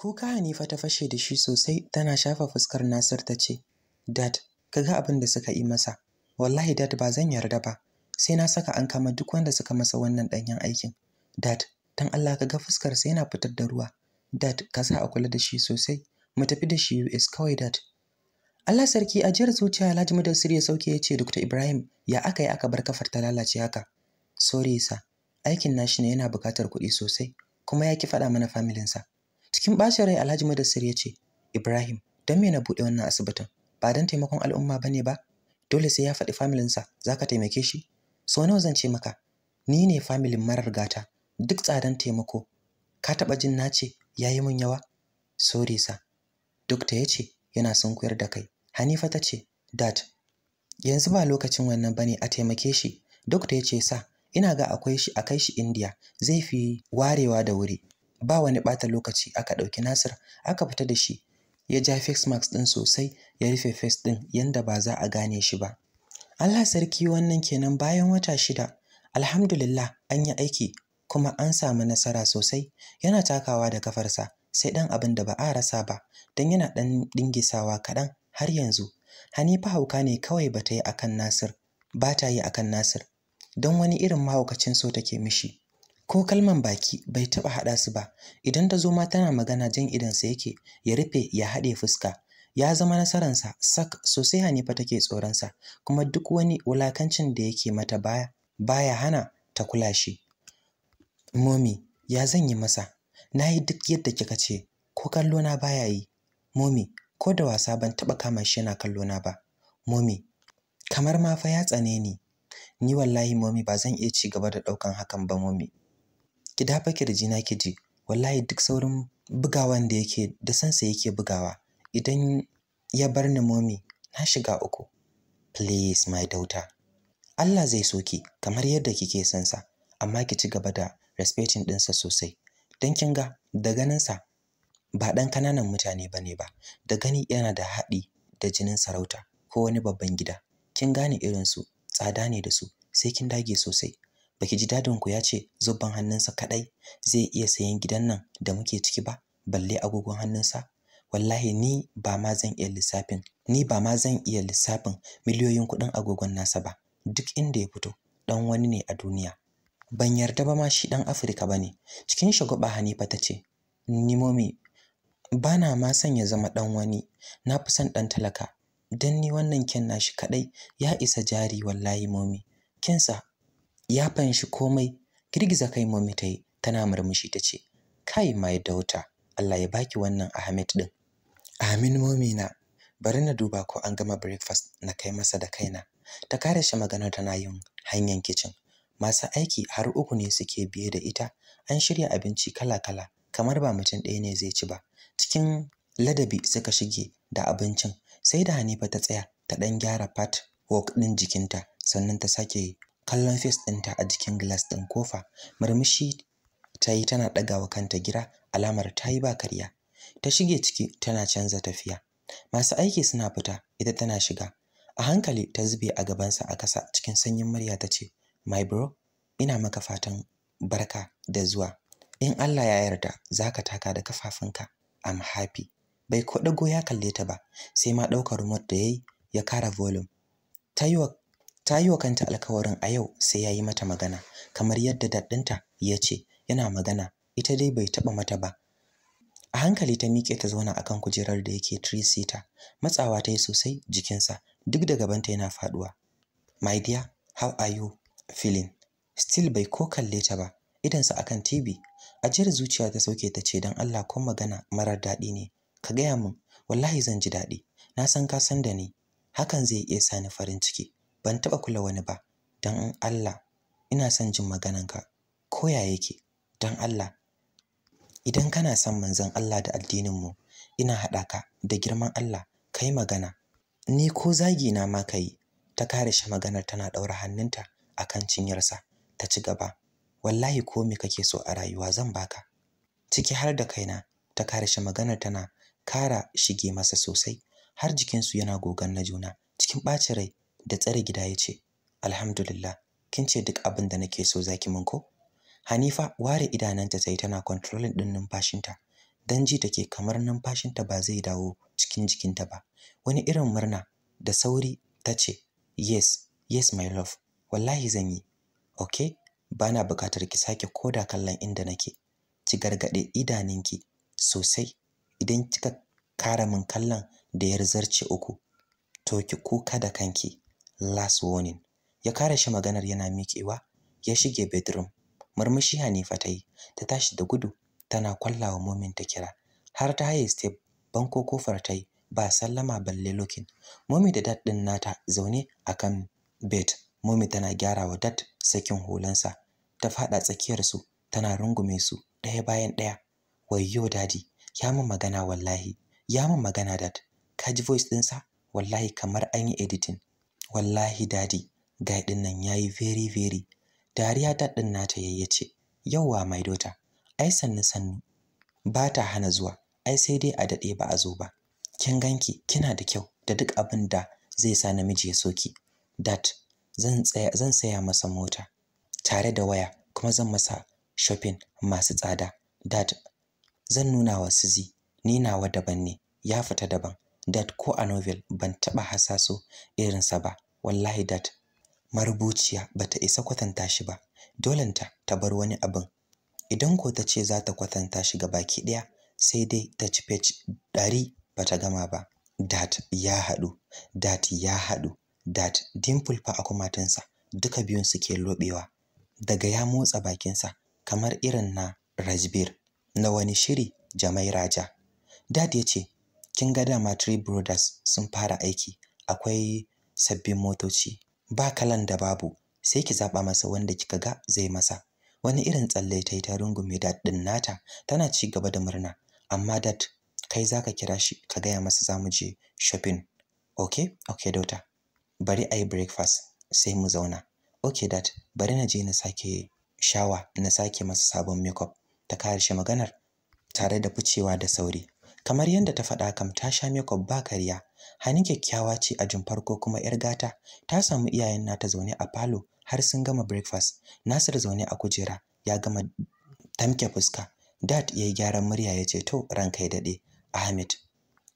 Kuka Hanifa ta fashe da shi sosai tana shafa fuskar Nasir ta ce, Dad, ka ga abin da suka yi masa. Wallahi dad ba zan yarda ba. Sai na saka an kama duk wanda suka masa wannan ɗanyen aikin. Dad, dan Allah ka ga fuskar sai yana fitar da ruwa. Dad, ka sa a kula da shi sosai. Mu tafi da shi US kawai dad. Allah sarki a ajiyar zuciya Alhaji Mudassir ya sauke ya ce Dr. Ibrahim ya aka yi aka bar kafar ta lalace haka. Sorry sa, aikin nashi ne yana buƙatar kuɗi sosai kuma ya ki faɗa mana familinsa. cikin ɓacin rai alhaji madassir ya ce ibrahim don me na buɗe wannan asibitin ba don taimakon al'umma ba ne ba dole sai ya faɗi familinsa za ka taimake shi so nawa zan ce maka ni ne familin marar gata duk tsadan taimako ka taɓa jin na ce ya yi min yawa sorry sa dokta ya ce yana sunkuyar da kai hanifa ta ce dat. yanzu ba lokacin wannan bane a taimake shi dokta ya ce sa ina ga akwai shi a kai shi indiya zai fi warewa da wuri ba wani ɓata lokaci aka ɗauki Nasir aka fita da shi ya ja face mask ɗin sosai ya rufe face ɗin yanda ba za a gane shi ba. Allah sarki wannan kenan bayan wata shida alhamdulillah an yi aiki kuma an samu nasara sosai yana takawa da kafarsa sai ɗan abin da ba a rasa ba don yana ɗan ɗingisawa kaɗan har yanzu Hanifa hauka ne kawai ba ta yi akan Nasir ba yi akan Nasir don wani irin mahaukacin so take mishi ko kalman baki bai taɓa haɗa su ba idan ta zo ma tana magana jan idan sa yake ya rufe ya haɗe fuska ya zama sa, sak sosai hanifa take sa, kuma duk wani wulakancin da yake mata baya baya hana ta kula shi momi ya zan yi masa nayi duk yadda kika ce ko kallo na baya yi momi ko da wasa ban taɓa kama shi yana kallo na ba momi kamar ma fa ya tsane ni ni wallahi momi ba zan iya ci gaba da ɗaukan hakan ba momi ki dafa na ki ji wallahi duk saurin bugawan da yake da sansa yake bugawa idan ya bar ni momi na shiga uku please my daughter Allah zai soki kamar yadda kike son sa amma ki ci gaba da respecting ɗinsa sosai dan kin ga da ganinsa ba dan kananan mutane bane ba da gani yana da haɗi da jinin sarauta ko wani babban gida kin gane irin su tsada ne da su sai kin dage sosai baki ji dadin ku ya ce zubban hannunsa kadai zai iya sayan gidan nan da muke ciki ba balle agogon hannunsa wallahi ni ba ma zan iya lissafin ni ba ma zan iya lissafin miliyoyin kuɗin agogon nasa ba duk inda ya fito dan wani ne a duniya ban yarda ba ma shi dan Afirka bane cikin shagwaba Hanifa tace ni momi bana ma san ya zama dan wani na fi son dan talaka dan ni wannan ken nashi kadai ya isa jari wallahi momi kinsa ya fanshi komai girgiza kai Momi ta yi tana murmushi ta ce kai mai dauta Allah ya baki wannan Ahmed din amin mummy na bari na duba ko an gama breakfast na kai masa da kaina ta kare shi maganar tana yin hanyar kitchen masu aiki har uku ne suke biye da ita an shirya abinci kala-kala kamar ba mutum ɗaya ne zai ci ba cikin ladabi suka shige da abincin sai da Hanifa ta tsaya ta ɗan gyara part work ɗin jikinta sannan ta sake kallon face ɗinta a jikin glass ɗin kofa murmushi ta yi tana ɗagawa kanta gira alamar ta yi ba karya ta shige ciki tana canza tafiya masu aiki suna fita ita tana shiga a hankali ta zube a gabansa a ƙasa cikin sanyin murya ta ce my bro ina maka fatan barka da zuwa in Allah ya yarda za ka taka da kafafunka I'm happy bai ko ɗago ya kalle ta ba sai ma ɗaukar remote da yayi ya kara volume ta yi wa ta yi wa kanta alkawarin a yau sai ya yi mata magana kamar yadda daddinta ya ce yana magana ita dai bai taɓa mata ba a hankali ta miƙe ta zauna akan kujerar da yake trisita matsawa ta yi sosai jikinsa duk da gabanta yana faɗuwa my dear how are you feeling still bai ko kalle ta ba idansa kan tv ajiyar zuciya ta sauke ta ce don allah kun magana marar daɗi ne ka gaya min wallahi zan ji daɗi na san ka san da ni hakan zai iya sani farin ciki ban taɓa kula wani ba don Allah ina son jin magananka ko ya yake don Allah idan kana son manzon Allah da addininmu ina haɗa ka da girman Allah kai magana ni ko zagi na ma kai ta kare shi maganar tana ɗaura hannunta a kan cinyarsa ta ci gaba wallahi ko me kake so a rayuwa zan baka ciki har da kaina ta kare shi maganar tana kara shige masa sosai har jikinsu yana gogan na juna cikin ɓacin rai da tsare gida ya ce alhamdulillah kin ce duk abin da nake so zaki min ko hanifa ware idananta sai tana controlling ɗin numfashinta Don ji take kamar numfashinta ba zai dawo cikin jikinta ba wani irin murna da sauri ta ce yes yes my love wallahi zan yi Ok, bana buƙatar ki sake koda kallon inda nake ci gargaɗe idaninki sosai idan kika kara min kallon da yar zarce uku to ki kuka da kanki last warning ya kare shi maganar yana miƙewa ya shige bedroom murmushi Hanifa ta yi ta tashi da gudu tana kwallawa momin ta kira har ta haye step banko kofar ta yi ba sallama balle lokin momi da dad din nata zaune akan bed momi tana gyara wa dad sakin hulansa ta fada tsakiyar su tana rungume su ɗaya bayan ɗaya wayyo dadi ya mun magana wallahi ya mun magana dad kaji ji voice ɗinsa wallahi kamar an yi editing wallahi dadi gai din nan yayi very very dariya ta din nata yayyace yauwa mai dota ai sannu sannu ba ta hana zuwa ai sai dai a dade ba a zo ba kin ganki kina da kyau da duk abin da zai sa namiji ya soki dat zan tsaya zan saya masa mota tare da waya kuma zan masa shopping masu tsada dat zan nuna wa sizi ni nawa daban ne ya fita daban dat ko a novel ban taɓa hasaso irinsa ba wallahi dat marubuciya bata isa kwatanta shi ba dolenta ta bar wani abin idan ko ta ce za ta kwatanta shi ga baki ɗaya sai dai ta ci page ɗari bata gama ba dat ya haɗu dat ya haɗu dat dimple fa a kumatinsa duka biyun suke lobewa daga ya motsa bakinsa kamar irin na Rajbir na wani shiri Jamai Raja. Dad ya ce, kin ga dama Three Brothers sun fara aiki akwai sabbin motoci ba kalan da babu sai ki zaba masa wanda kika ga zai masa wani irin tsalle ta yi ta rungume da din nata tana ci gaba da murna amma dat kai zaka kira shi ka gaya masa za mu je shopping okay okay daughter bari ayi breakfast sai mu zauna okay dat bari na je na sake shawa na sake masa sabon makeup ta shi maganar tare da ficewa da sauri kamar yadda ta faɗa kam ta sha makeup ba kariya hannun kyakkyawa ce a jin farko kuma yar gata ta samu iyayen nata zaune a falo har sun gama breakfast Nasir zaune a kujera ya gama tamke fuska Dad yi gyaran murya ya ce to ranka ya daɗe Ahmed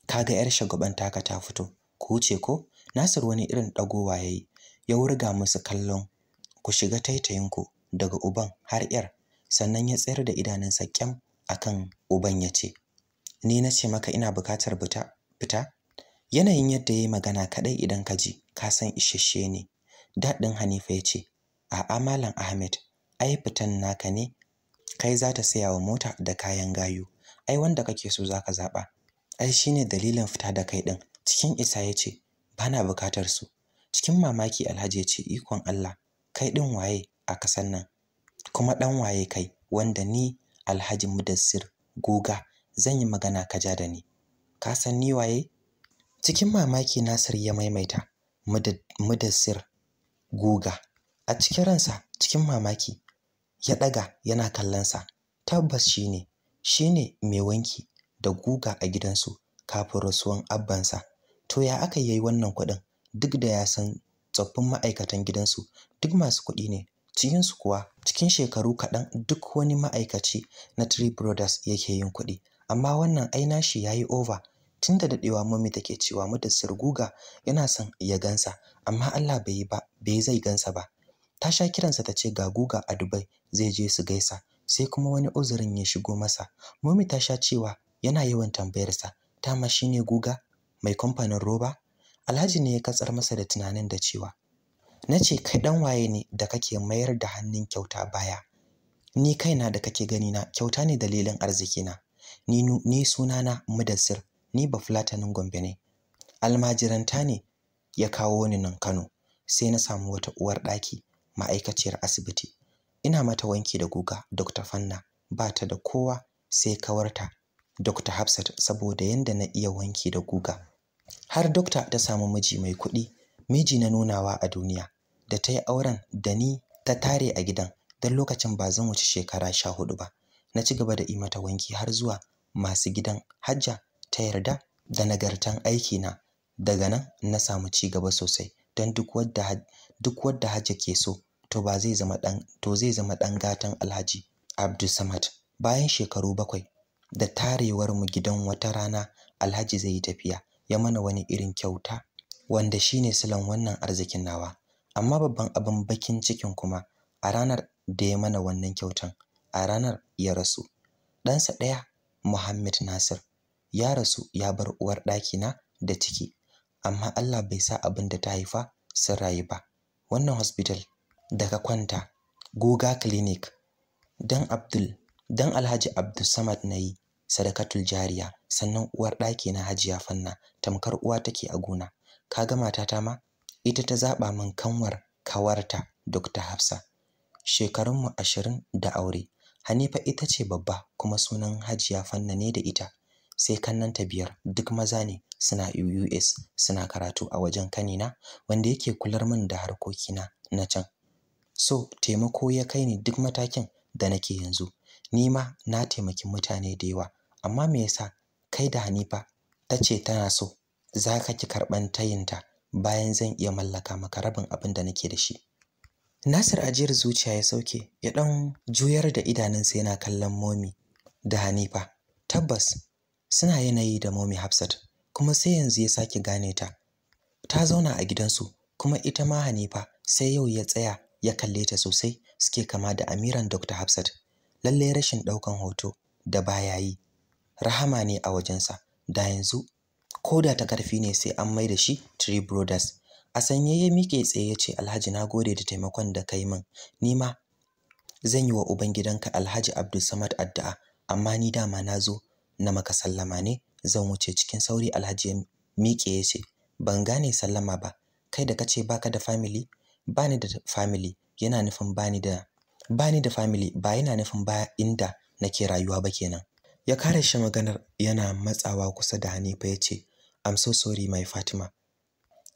kaga yar shagaban taka ta fito ku wuce ko Nasir wani irin dagowa yi, ya wurga musu kallon ku shiga taitayinku daga uban har yar sannan ya tsayar da idanunsa kyam akan uban ya ce ni na ce maka ina bukatar fita yanayin yadda ya yi magana kaɗai idan ka ji ka san isasshe ne Daɗin Hanifa ya ce a'a malam Ahmed ai fitan naka ne kai za ta sayawa mota da kayan gayu ai wanda kake so za ka zaɓa. ai shine dalilin fita da kai ɗin. cikin isa ya ce 'Ba na bukatar su cikin mamaki Alhaji ya ce ikon Allah kai ɗin waye a kasan nan kuma ɗan waye kai wanda ni Alhaji Mudassir Goga zan yi magana ka ja da ni ka san ni waye cikin mamaki Nasir ya maimaita mudassir guga a cikin ransa cikin mamaki ya ɗaga yana kallonsa tabbas shine shine mai wanki da guga a gidansu kafin rasuwan abbansa to ya aka yi wannan kuɗin duk da ya san tsoffin ma'aikatan gidansu duk masu kuɗi ne cikinsu kuwa cikin shekaru kaɗan duk wani ma'aikaci na Three Brothers yake yin kuɗi amma wannan ai nashi yayi over tun da dadewa mummy take cewa mata guga yana son ya gansa amma Allah bai ba bai zai gansa ba ta sha kiransa ta ce ga guga a Dubai zai je su gaisa sai kuma wani uzurin ya shigo masa mummy ta sha cewa yana yawan tambayarsa ta ma shine guga mai kamfanin roba Alhaji ne ya katsar masa da tunanin da cewa na ce kai dan waye ne da kake mayar da hannun kyauta baya ni kaina da kake gani na kyauta ne dalilin arzikina ni sunana mudassir ni ba fulatanin gombe ne almajiranta ne ya kawo ni nan kano sai na samu wata uwar ɗaki ma'aikaciyar asibiti ina mata wanki da guga dr fanna ba ta da kowa sai kawarta dr hafsat saboda yadda na iya wanki da guga har dokta ta samu miji mai kuɗi miji na nunawa a duniya da ta yi auren da ni ta tare a gidan don lokacin ba zan wuce shekara sha hudu ba na ci gaba da yi mata wanki har zuwa masu gidan hajja ta yarda da nagartan aikina daga nan na samu ci gaba sosai don duk wadda hajja ke so to zai zama ɗan to zai zama dan gatan Alhaji Abdulsamad bayan shekaru bakwai da tarewar mu gidan wata rana Alhaji zai yi tafiya ya mana wani irin kyauta wanda shine silan wannan arzikin nawa amma babban abin bakin cikin kuma a ranar da ya mana wannan kyautan a ranar ya rasu ɗansa ɗaya Muhammad Nasir ya rasu ya bar uwar ɗakina da ciki amma Allah bai sa abin da ta haifa sun rayu ba wannan hospital daga kwanta goga clinic dan Abdul don Alhaji Abdul Samad yi sadakatul jariya sannan uwar na Hajiya Fanna tamkar uwa take a gona Ka ga matata ma ita ta zaɓa min kanwar kawarta Dr. Hafsa shekarunmu ashirin da aure Hanifa ita ce babba kuma sunan Hajiya Fanna ne da ita. Sai kannan ta biyar duk maza ne suna US suna karatu a wajen kanina wanda yake kular min da harkokina na can. So taimako ya kai ni duk matakin da nake yanzu. Ni ma na taimaki mutane da yawa amma me yasa kai da Hanifa ta ce tana so za ka ki karɓan tayinta bayan zan iya mallaka maka rabin abin da nake da shi. Nasir ajiyar zuciya ya sauke ya ɗan juyar da idanunsa yana kallon momi da Hanifa. Tabbas suna yanayi da momi Hafsat kuma sai yanzu ya sake gane ta. Ta zauna a gidansu kuma ita ma Hanifa sai yau ya tsaya ya kalle ta sosai suke kama da amiran Dr. Hafsat. Lalle rashin ɗaukan hoto da baya yi rahama ne a wajensa da yanzu ko da ta ƙarfi ne sai an mai da shi Three Brothers a sanye ya miƙe tsaye ya ce alhaji na gode da taimakon da ka yi min ni ma zan yi wa ubangidanka alhaji Abdul abdulsamad addu'a amma ni dama na zo na maka sallama ne zan wuce cikin sauri alhaji ya miƙe ya ce ban gane sallama ba kai da kace baka da family bani da family yana nufin ni da ni da family ba yana nufin ba inda nake rayuwa ba kenan ya kare shi maganar yana matsawa kusa da Hanifa ya ce I'm so sorry my Fatima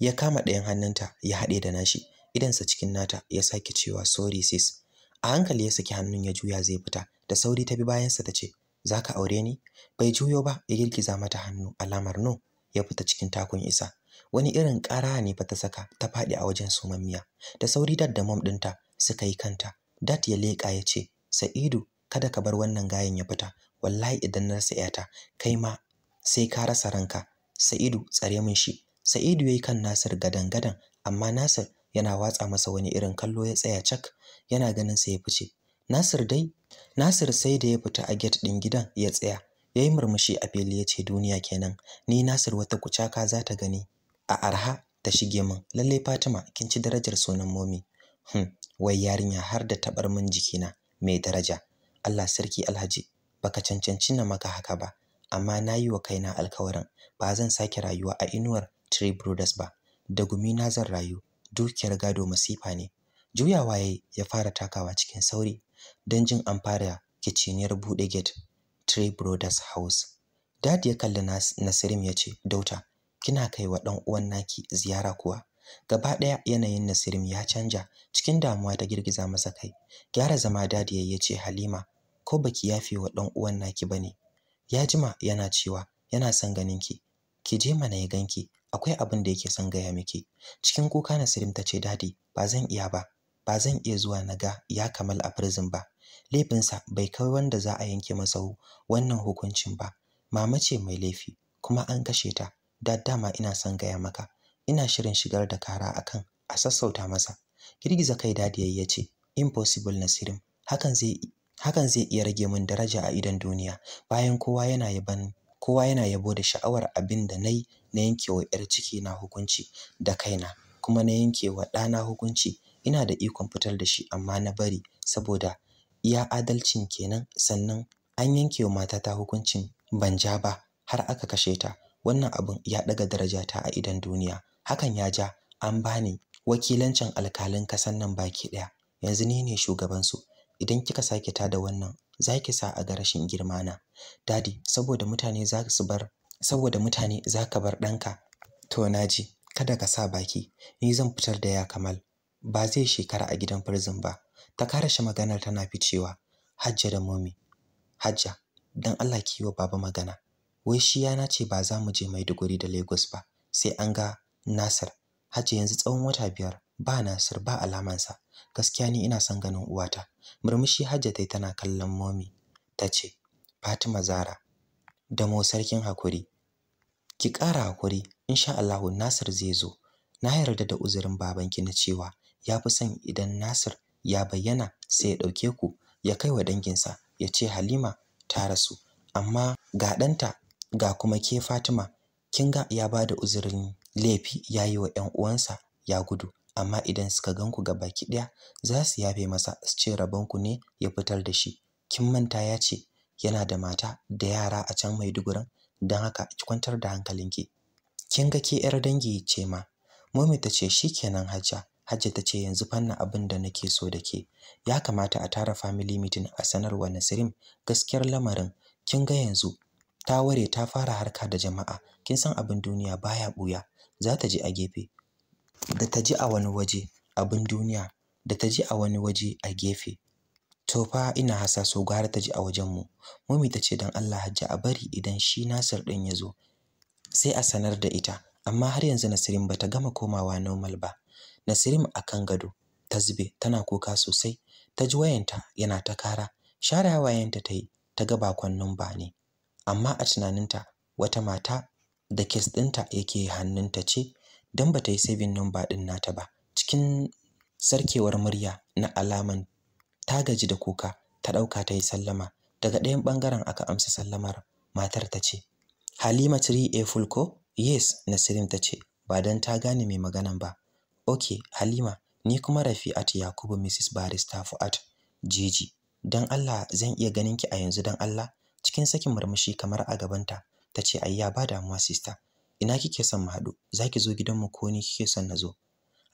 ya kama ɗayan hannunta ya haɗe da nashi idansa cikin nata ya sake cewa sorry sis a hankali ya saki hannun ya juya zai fita da sauri ta bi bayansa ta ce za ka aure ni bai juyo ba ya girgiza mata hannu alamar no ya fita cikin takun isa wani irin ƙara ne fa ta saka ta faɗi a wajen sumammiya da sauri dat da mom ɗinta suka yi kanta dat ya leƙa ya ce sa'idu kada ka bar wannan gayan ya fita wallahi idan na rasa yata kai ma sai ka rasa ranka sa'idu tsare min shi Sa'idu ya yi kan Nasir gadan-gadan amma Nasir yana watsa masa wani irin kallo ya tsaya cak yana ganin sa ya fice. Nasir dai Nasir sai da ya fita a gate ɗin gidan ya tsaya. ya yi murmushi a fili ya ce duniya kenan. Ni Nasir wata kucaka za ta gani a arha ta shige min. "Lallai Fatima kin ci darajar sunan momi. Hmm, wai yarinya har da tabar min jikina mai daraja. Allah sarki Alhaji baka cancanci na maka haka ba amma na yi wa kaina alkawarin ba zan sake rayuwa a inuwar Tree Brothers ba, da gumi na zan rayu, dukiyar gado masifa ne. Juyawa waye ya fara takawa cikin sauri don jin an fara kiciniyar buɗe gate Tree Brothers House. Dad ya kalli Nasirim ya ce, "Dauta, kina kai wa ɗan uwan naki ziyara kuwa?" Gaba ɗaya yanayin Nasirim ya canja, cikin damuwa ta girgiza masa kai. Gyara zama Dad ya ce, "Halima, ko baki ya fi wa ɗan uwan naki ne? Ya jima yana cewa yana son ganin ki. Ki je mana ya ganki, akwai abin da yake son gaya miki cikin kuka Nasirim ta ce dadi ba zan iya ba ba zan iya zuwa na ga ya kamal a prison ba laifinsa bai kai wanda za a yanke masa wannan hukuncin ba mama ce mai laifi kuma an kashe ta da dama ina son gaya maka ina shirin shigar da kara akan a sassauta masa girgiza kai dadi yayi yace, impossible Nasirim hakan zai hakan zai iya rage mun daraja a idan duniya bayan kowa yana yaban kowa yana yabo da sha'awar abin da na yi na yanke wa 'yar ciki na hukunci da kaina kuma na yanke yankewa ɗana hukunci ina da ikon fitar da shi amma na bari saboda iya adalcin kenan sannan an yanke wa matata hukuncin ban ja ba har aka kashe ta wannan abin ya ɗaga darajata a idan duniya hakan ya ja an bani wakilancin alkalin kasan nan baki ɗaya yanzu ni ne shugabansu idan kika sake tada wannan zaki sa a ga rashin girma na dadi saboda mutane za su bar saboda mutane zaka bar danka to naji kada ka sa baki ni zan fitar da ya kamal ba zai shekara a gidan prison ba ta karashe maganar tana ficewa hajja da momi hajja dan Allah ki wa baba magana wai shi yana ce ba za mu je Maiduguri da Lagos ba sai an ga Nasir Hajji yanzu tsawon wata biyar ba Nasir ba alamansa gaskiya ni ina son ganin uwata murmushi Hajja tai tana kallon momi, ta ce. Fatima Zara da mo sarkin hakuri ki ƙara hakuri insha Allahu Nasir zai zo na yarda da uzurin babanki na cewa ya fi son idan Nasir ya bayyana sai ya dauke ku ya kai wa danginsa ya ce Halima ta rasu amma ga ɗanta ga kuma ke Fatima kin ga ya ba da uzurin laifi ya yi wa 'yan uwansa ya gudu amma idan suka gan ganku baki ɗaya za su yafe masa su ce ku ne ya fitar da shi kin manta ya ce yana da mata da yara a can Maidugurin don haka ki kwantar da hankalinki kin ga ke yar dangi ce ma mummy ta ce shikenan Hajja Hajja ta ce yanzu fanna abin da nake so da ke ya kamata a tara family meeting a sanarwa Nasirim gaskiyar lamarin kin ga yanzu ta ware ta fara harka da jama'a kin san abin duniya baya buya za ta je a gefe da ta ji a wani waje abin duniya da ta ji a wani waje a gefe to fa ina hasaso gara ta ji a wajenmu mami ta ce don Allah hajji a bari idan shi Nasir ɗin ya zo sai a sanar da ita amma har yanzu Nasirin bata gama komawa normal ba Nasirin akan gado ta zube tana kuka sosai ta ji wayanta yana ta kara share hawayenta ta yi ta ga bakon ba ne amma a tunaninta wata mata da kes ɗinta yake hannunta ce don ba ta yi saving number ɗin nata ba cikin sarkewar murya na alaman ta gaji da kuka ta ɗauka ta yi sallama daga ɗayan ɓangaren aka amsa sallamar matar ta ce halima 3a fulko yes nasirin ta ce ba don ta gane mai maganan ba ok halima ni kuma rafi'at yakubu mrs barista fu'at Jiji. don allah zan iya ganin ki a yanzu don allah cikin sakin murmushi kamar a gabanta ta ce ayya ba damuwa sista ina kike son mu haɗu zaki zo gidanmu ko ni kike son na zo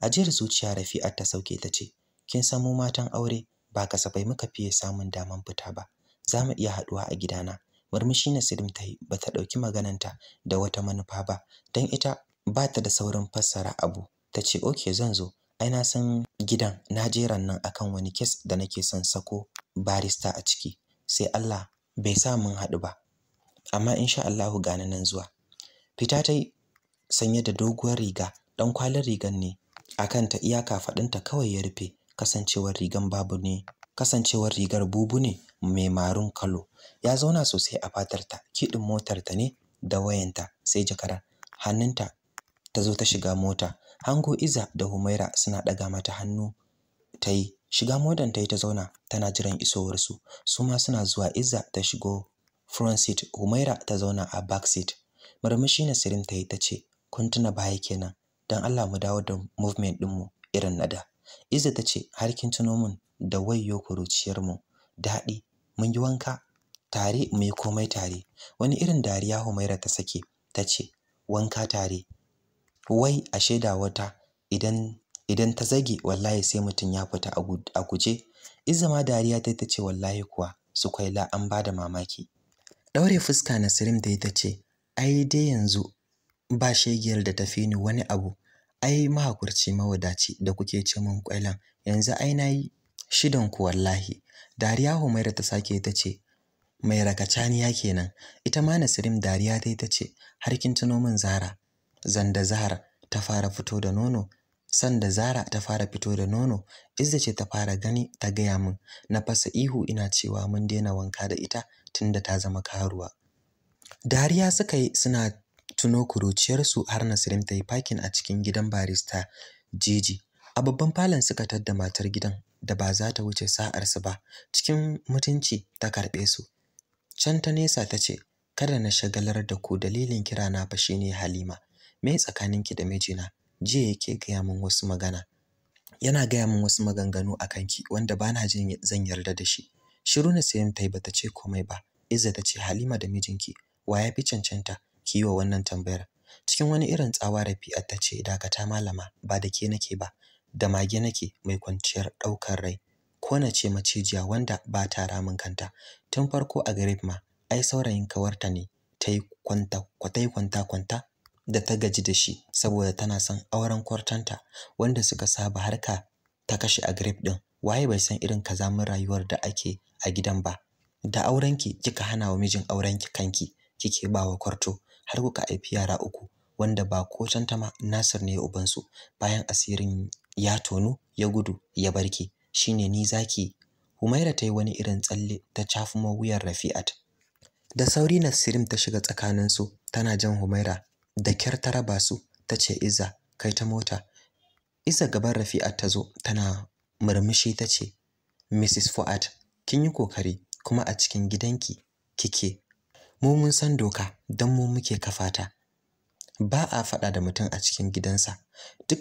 ajiyar zuciya rafi'ar ta sauke ta ce kin san mu matan aure ba kasafai muka fiye samun daman fita ba za mu iya haɗuwa a gidana murmushi na sirim ta yi ba ta ɗauki magananta da wata manufa ba don ita ba ta da saurin fassara abu ta ce oke zan zo ai na san gidan na jeran nan akan wani kes da nake son sako barista a ciki sai Allah bai sa mun haɗu ba amma insha Allahu gane nan zuwa fita ta yi sanye da doguwar riga dan kwalin rigan ne akan ta iyaka faɗinta kawai ya rufe kasancewar rigan babu ne kasancewar rigar bubu ne mai marun kalo ya zauna sosai a fatarta kiɗin motarta ne da wayanta sai jakara hannunta ta zo ta shiga mota hango iza da humaira suna ɗaga mata hannu ta yi shiga modan ta yi ta zauna tana jiran isowarsu su ma suna zuwa iza ta shigo front seat humaira ta zauna a back seat murmushi Nasirin ta yi ta ce kun tuna baya kenan don Allah mu dawo da movement ɗinmu irin na da Izza ta ce har kin tuno mun da wayo kuruciyar mu daɗi mun yi wanka tare mu yi komai tare wani irin dariya Humaira ta sake ta ce wanka tare wai a shaida wata idan idan ta zage wallahi sai mutum ya fita a guje Izza ma dariya ta ta ce wallahi kuwa su kwaila an bada mamaki daure fuska sirim da ita ce ai dai yanzu ba shegiyar da ta fi ni wani abu ai mahakurci mawadaci da kuke ce min kwailan yanzu ai na yi. shidan ku wallahi dariya Humaira ta sake ta ce mai rakacaniya kenan ita ma Nasirim dariya ta ta ce har kin tuno min Zara zanda Zara ta fara fito da nono sanda Zara ta fara fito da nono izda ce ta fara gani ta gaya min na fasa ihu ina cewa mun daina wanka da ita tunda ta zama karuwa dariya suka yi suna tuno kuruciyarsu har Nasirin ta yi fakin a cikin gidan barista Jiji. A babban falon suka tadda matar gidan da ba za ta wuce sa'arsu ba, cikin mutunci ta karɓe su. Can ta nesa ta ce, Kada na shagalar da ku dalilin kira na fa shine Halima, me tsakaninki da mijina, jiya yake gaya min wasu magana. Yana gaya min wasu maganganu a kanki wanda ba na jin zan yarda da shi. Shiru na sayan ta yi bata ce komai ba, Izza ta ce Halima da mijinki wa ya fi cancanta ki yi wa wannan tambayar cikin wani irin tsawa Rafi'a ta ce dakata malama ba da ke nake ba da mage nake mai kwanciyar ɗaukar rai ko na ce macijiya wanda ba ta ramin kanta tun farko a garib ma ai saurayin kawarta ne ta yi kwanta kwanta da ta gaji da shi saboda tana son auren kwartanta wanda suka saba harka ta kashe a grip din waye bai san irin kazamin rayuwar da ake a gidan ba da aurenki kika hana wa mijin aurenki kanki kike bawa kwarto har kuka haifi yara uku wanda ba ko tantama Nasir ne ubansu bayan asirin ya tonu ya gudu ya barke shine ni zaki Humaira ta yi wani irin tsalle ta cafumo wuyar Rafi'at da sauri Nasirim ta shiga tsakanin su tana jan Humaira da kyar ta raba su ta ce Iza kai ta mota Iza gaban Rafi'at ta zo tana murmushi ta ce Mrs Fuad kin yi kokari kuma a cikin gidanki kike mu mun san doka don mu muke kafa ta ba a faɗa da mutum a cikin gidansa duk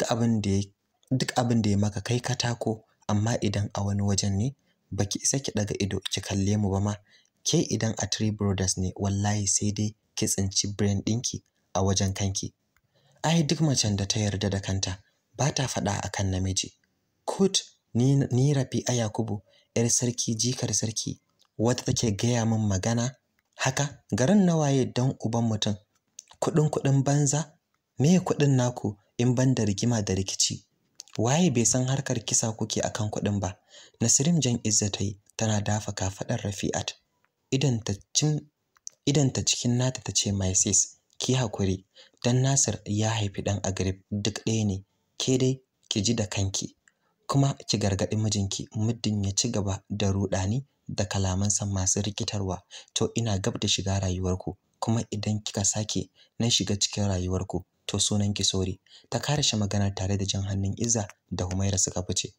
abin da ya maka kai katako amma idan a wani wajen ne baki isa ki daga ido ki kalle mu ba ma ke idan a Three Brothers ne wallahi sai dai ki tsinci brain ɗinki a wajen kanki ai duk macen da ta yarda da kanta ba ta faɗa kan namiji kut ni rafi a Yakubu yar sarki jikar sarki wata take gaya min magana haka garin nawaye dan uban mutum kuɗin kuɗin banza me kuɗin naku in ban da rigima da rikici waye bai san harkar kisa kuke akan kuɗin ba nasirim jan izza tana dafa kafaɗar rafi'at idan ta cikin nata tace ce sis ki hakuri dan nasir ya haifi dan agrib duk ɗaya ne ke dai ki ji da kanki kuma ki gargaɗi mijinki muddin ya ci gaba da ruɗani da kalamansa masu rikitarwa to ina gab da shiga rayuwarku kuma idan kika sake na shiga cikin rayuwarku to sunan ki sori ta shi magana tare da jan hannun Izza da Humaira suka fice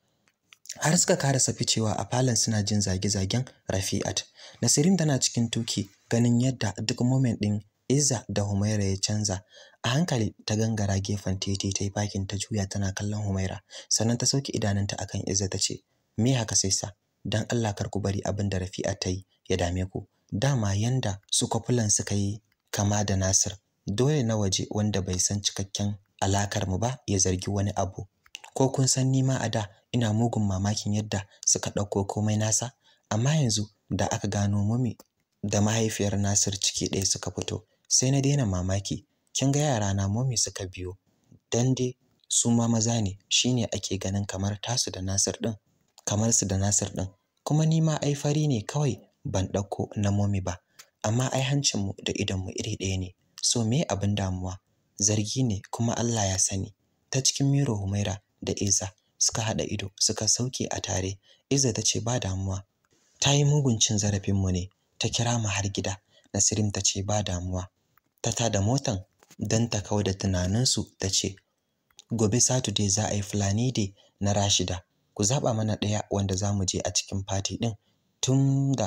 har suka karasa ficewa a falon suna jin zage-zagen Rafi'at Nasirin tana cikin tuki ganin yadda duk moment ɗin. Izza da Humaira ya canza. A hankali ta gangara gefen titi ta yi bakin ta juya tana kallon Humaira. Sannan ta sauke idanunta akan Izza ta ce, "Me haka sai sa? Dan Allah kar ku bari abin da Rafi'a ta yi ya dame ku. Dama yanda su kofulan suka yi kama da Nasir, dole na waje wanda bai san cikakken alakar mu ba ya zargi wani abu. Ko kun san ni ma a da ina mugun mamakin yadda suka ɗauko komai nasa, amma yanzu da aka gano mumi da mahaifiyar Nasir ciki ɗaya suka fito, sai na daina mamaki kin ga yara na momi suka biyo dan dai su ma maza ne shine ake ganin kamar tasu da Nasir din kamar su da Nasir din kuma ni ma ai fari ne kawai ban dauko na momi ba amma ai hancin mu da idan mu iri ɗaya ne so me abin damuwa zargi ne kuma Allah ya sani ta cikin miro Humaira da Iza suka hada ido suka sauke a tare Iza ta ce ba damuwa ta yi mugun cin zarafin mu ne ta kira mu har gida Nasirim ta ce ba damuwa ta tada motan don ta kawo da tunaninsu ta ce gobe saturday za a yi fulani dai na rashida ku zaɓa mana ɗaya wanda za mu je a cikin fati ɗin tun da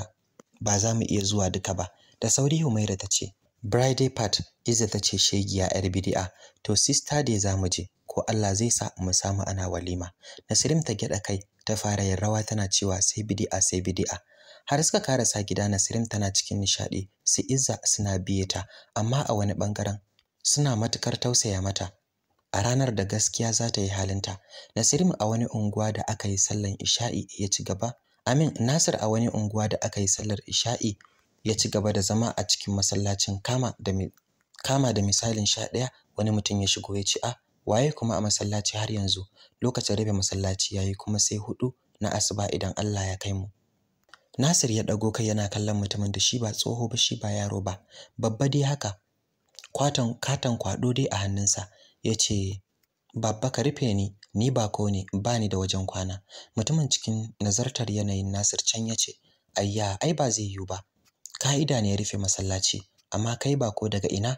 ba za mu iya zuwa duka ba da sauri humaira ta ce Friday part Izza ta ce shegiya yar bidi'a, to sister za mu je ko Allah zai sa mu samu ana walima Nasirim ta gyaɗa kai ta fara yin rawa tana cewa sai bidi'a, sai bidi'a. har suka karasa gida Nasirim tana cikin nishaɗi su Izza suna biye ta amma a wani bangaren suna matukar tausaya mata a ranar da gaskiya za ta yi halinta Nasirin a wani unguwa da aka yi sallar Isha'i ya ci gaba Amin Nasir a wani unguwa da aka yi sallar Isha'i ya ci gaba da zama a cikin masallacin kama da kama da misalin sha ɗaya wani mutum ya shigo ya ci a ah, waye kuma a masallaci har yanzu lokacin rabe masallaci yayi kuma sai hudu na asuba idan Allah ya kai mu Nasir ya ɗago kai yana kallon mutumin da shi ba tsoho ba shi ba yaro ba, babba dai haka. Kwatan katon kwaɗo dai a hannunsa ya ce, Babba ka rufe ni, ni ba ko ne, ba ni da wajen kwana. Mutumin cikin nazartar yanayin Nasir can ya ce, Ayya, ai ba zai yiwu ba. Ka'ida ne ya rufe masallaci, amma kai ba ko daga ina?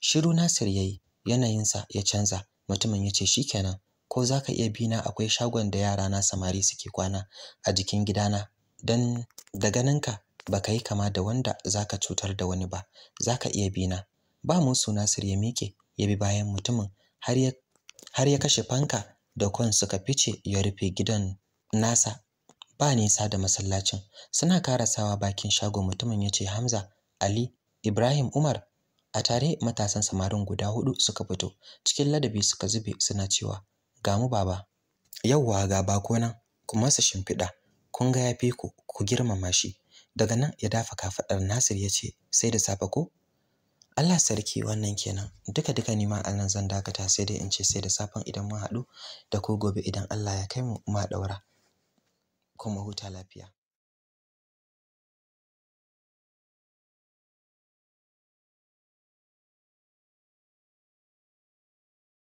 Shiru Nasir ya yi, yanayinsa ya canza, mutumin ya ce shikenan, ko za ka iya bina akwai shagon da yarana samari suke kwana a jikin gidana dan da ganinka ka yi kama da wanda za ka cutar da wani ba Za ka iya bina ba musu Nasir ya mike ya bi bayan mutumin har ya kashe fanka da kwan suka fice ya rufe gidan nasa ba nisa da masallacin suna sawa bakin shagon mutumin ya ce Hamza Ali Ibrahim Umar a tare matasan samarin guda hudu suka fito cikin ladabi suka zube suna cewa ga mu baba yauwa ga bako nan kuma su shimfiɗa kun ga ya fi ku ku girmama shi daga nan ya dafa kafaɗar Nasir ya ce sai da safe ko Allah sarki wannan kenan duka duka ni ma allah zan dakata sai dai in ce sai da safen idan mun haɗu da ko gobe idan Allah ya kai mu ma daura kuma huta lafiya